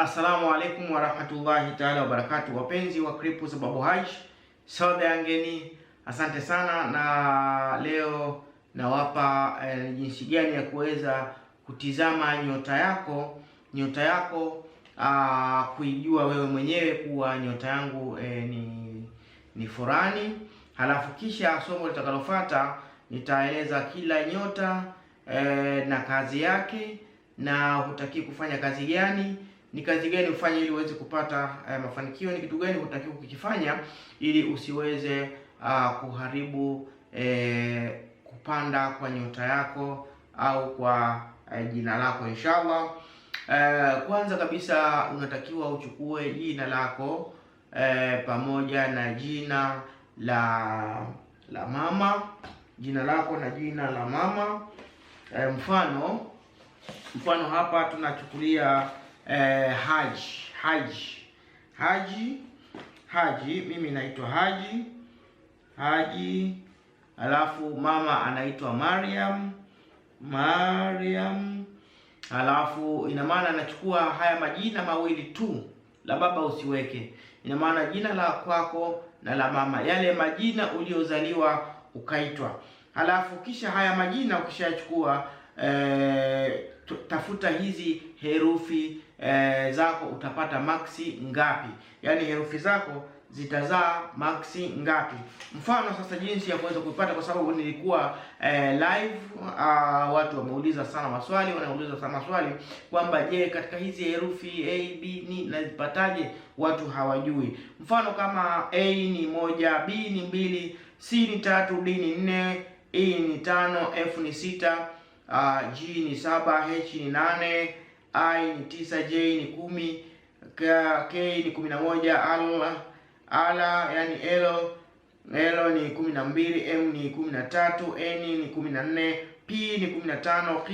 Assalamu alaikum warahmatullahi taala wabarakatu, wapenzi wa kripu za Babu Haj soda yangeni, asante sana. Na leo nawapa eh, jinsi gani ya kuweza kutizama nyota yako nyota yako aa, ah, kuijua wewe mwenyewe kuwa nyota yangu eh, ni, ni Furani. Halafu kisha somo litakalofuata nitaeleza kila nyota eh, na kazi yake na hutaki kufanya kazi gani ni kazi gani ufanye ili uweze kupata eh, mafanikio, ni kitu gani unatakiwa kukifanya ili usiweze uh, kuharibu eh, kupanda kwa nyota yako au kwa eh, jina lako inshallah. Eh, kwanza kabisa unatakiwa uchukue jina lako eh, pamoja na jina la la mama, jina lako na jina la mama eh, mfano mfano hapa tunachukulia eh, Haji Haji Haji Haji, mimi naitwa Haji Haji, alafu mama anaitwa Mariam Mariam, alafu ina maana anachukua haya majina mawili tu, la baba usiweke. Ina maana jina la kwako na la mama, yale majina uliozaliwa ukaitwa, alafu kisha haya majina ukishachukua eh, tafuta hizi herufi eh, zako utapata maksi ngapi, yaani herufi zako zitazaa maksi ngapi. Mfano sasa, jinsi ya kuweza kuipata, kwa sababu nilikuwa eh, live uh, watu wameuliza sana maswali, wanauliza sana maswali kwamba je, katika hizi herufi a b ni nazipataje? Watu hawajui. Mfano kama a ni moja, b ni mbili, c ni tatu, d ni nne, e ni tano, f ni sita uh, G ni saba, H ni nane, I ni tisa, J ni kumi, K, K ni kumi na moja, L, ala yani L, L ni kumi na mbili, M ni kumi na tatu, N ni kumi na nne, P ni kumi na tano, Q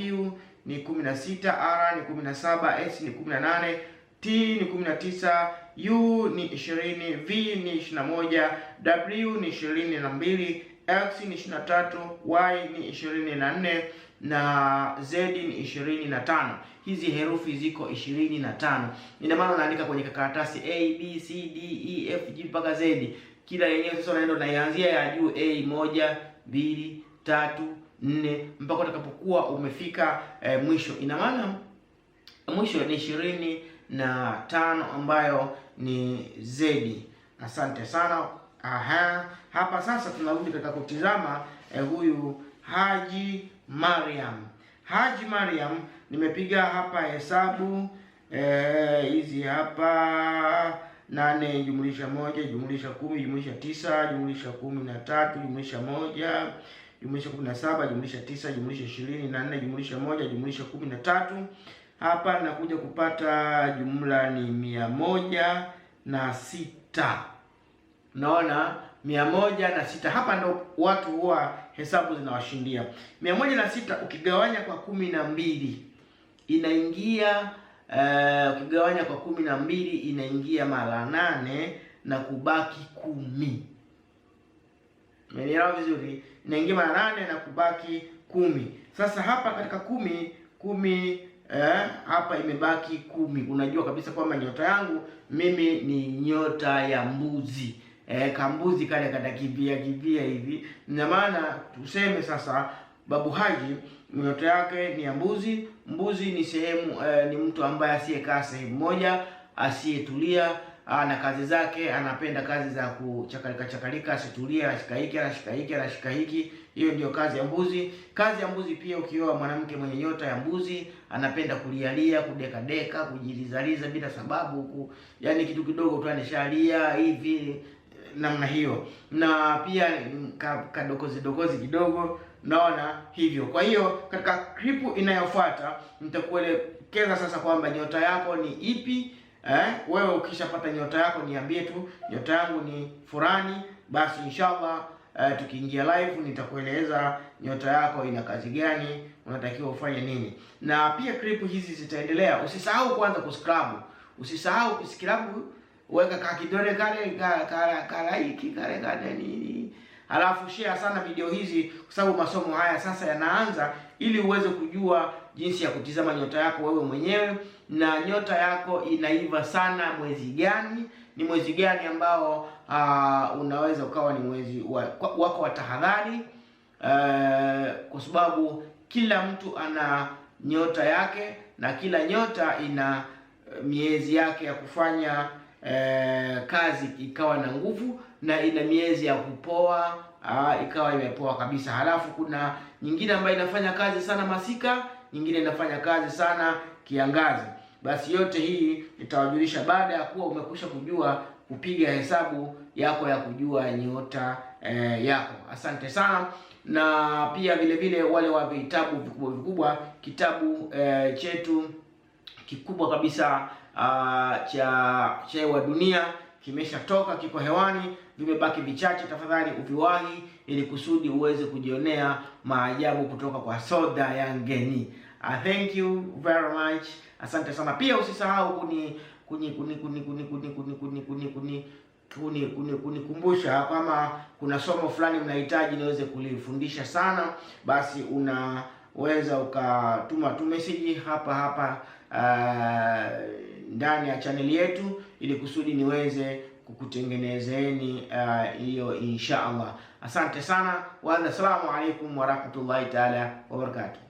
ni kumi na sita, R ni kumi na saba, S ni kumi na nane, T ni kumi na tisa, U ni ishirini, V ni ishirini na moja, W ni ishirini na mbili X ni 23, Y ni 24 na Z ni 25. Hizi herufi ziko 25. Ndio maana unaandika kwenye karatasi A B C D E F G mpaka Z. Kila yenyewe sasa unaenda unaianzia ya juu A moja, mbili, tatu, nne mpaka utakapokuwa umefika eh, mwisho. Ina maana mwisho ni ishirini na tano ambayo ni Z. Asante sana. Aha, hapa sasa tunarudi katika kutizama eh, huyu Haji Mariam. Haji Mariam nimepiga hapa hesabu eh, hizi eh, hapa nane jumlisha moja jumlisha kumi jumlisha tisa jumlisha kumi na tatu jumlisha moja jumlisha kumi na saba jumlisha tisa jumlisha ishirini na nne jumlisha moja jumlisha kumi na tatu hapa nakuja kupata jumla ni mia moja na sita naona mia moja na sita hapa ndo watu huwa hesabu zinawashindia. mia moja na sita ukigawanya kwa kumi na mbili inaingia uh, ukigawanya kwa kumi na mbili inaingia mara nane na kubaki kumi. Umenielewa vizuri? Inaingia mara nane na kubaki kumi. Sasa hapa katika kumi kumi Eh, hapa imebaki kumi. Unajua kabisa kwamba nyota yangu mimi ni nyota ya mbuzi eh, kambuzi kale katakimbia kimbia hivi, na maana tuseme sasa Babu Haji mioto yake ni ya mbuzi. Mbuzi ni sehemu eh, ni mtu ambaye asiyekaa sehemu moja, asiyetulia ana kazi zake, anapenda kazi za kuchakalika chakalika, asitulia, anashika hiki anashika hiki anashika hiki. Hiyo ndio kazi ya mbuzi. Kazi ya mbuzi pia, ukioa mwanamke mwenye nyota ya mbuzi, anapenda kulialia, kudekadeka, kujilizaliza bila sababu huku, yani kitu kidogo tu anashalia hivi namna hiyo, na pia kadokozi dokozi kidogo naona hivyo. Kwa hiyo katika clip inayofuata nitakuelekeza sasa kwamba nyota yako ni ipi. Eh, wewe ukishapata nyota yako niambie tu, nyota yangu ni fulani. Basi inshallah eh, tukiingia live nitakueleza nyota yako ina kazi gani, unatakiwa ufanye nini, na pia clip hizi zitaendelea. Usisahau kwanza kusubscribe, usisahau kusubscribe weka ka kidole kale kala kala kale kale nini, alafu share sana video hizi, kwa sababu masomo haya sasa yanaanza, ili uweze kujua jinsi ya kutizama nyota yako wewe mwenyewe, na nyota yako inaiva sana mwezi gani, ni mwezi gani ambao uh, unaweza ukawa ni mwezi wako wa tahadhari uh, kwa sababu kila mtu ana nyota yake na kila nyota ina eh, miezi yake ya kufanya eh, kazi ikawa na nguvu na ina miezi ya kupoa aa, ah, ikawa imepoa kabisa. Halafu kuna nyingine ambayo inafanya kazi sana masika, nyingine inafanya kazi sana kiangazi. Basi yote hii nitawajulisha baada ya kuwa umekwisha kujua kupiga hesabu yako ya kujua nyota eh, yako. Asante sana na pia vile vile wale wa vitabu vikubwa vikubwa, kitabu eh, chetu kikubwa kabisa uh, cha Chai wa Dunia kimeshatoka, kiko hewani, vimebaki vichache. Tafadhali uviwahi ili kusudi uweze kujionea maajabu kutoka kwa soda ya ngeni. Uh, thank you very much, asante sana. Pia usisahau kuni kuni kuni kuni kuni kuni kuni kuni kuni kuni kunikumbusha kama kuna somo fulani mnahitaji niweze kulifundisha sana, basi unaweza ukatuma tu message hapa hapa uh, ndani ya chaneli yetu, ili kusudi niweze kukutengenezeni uh, hiyo uh, insha Allah. Asante sana wa assalamu alaikum warahmatullahi taala wabarakatuh.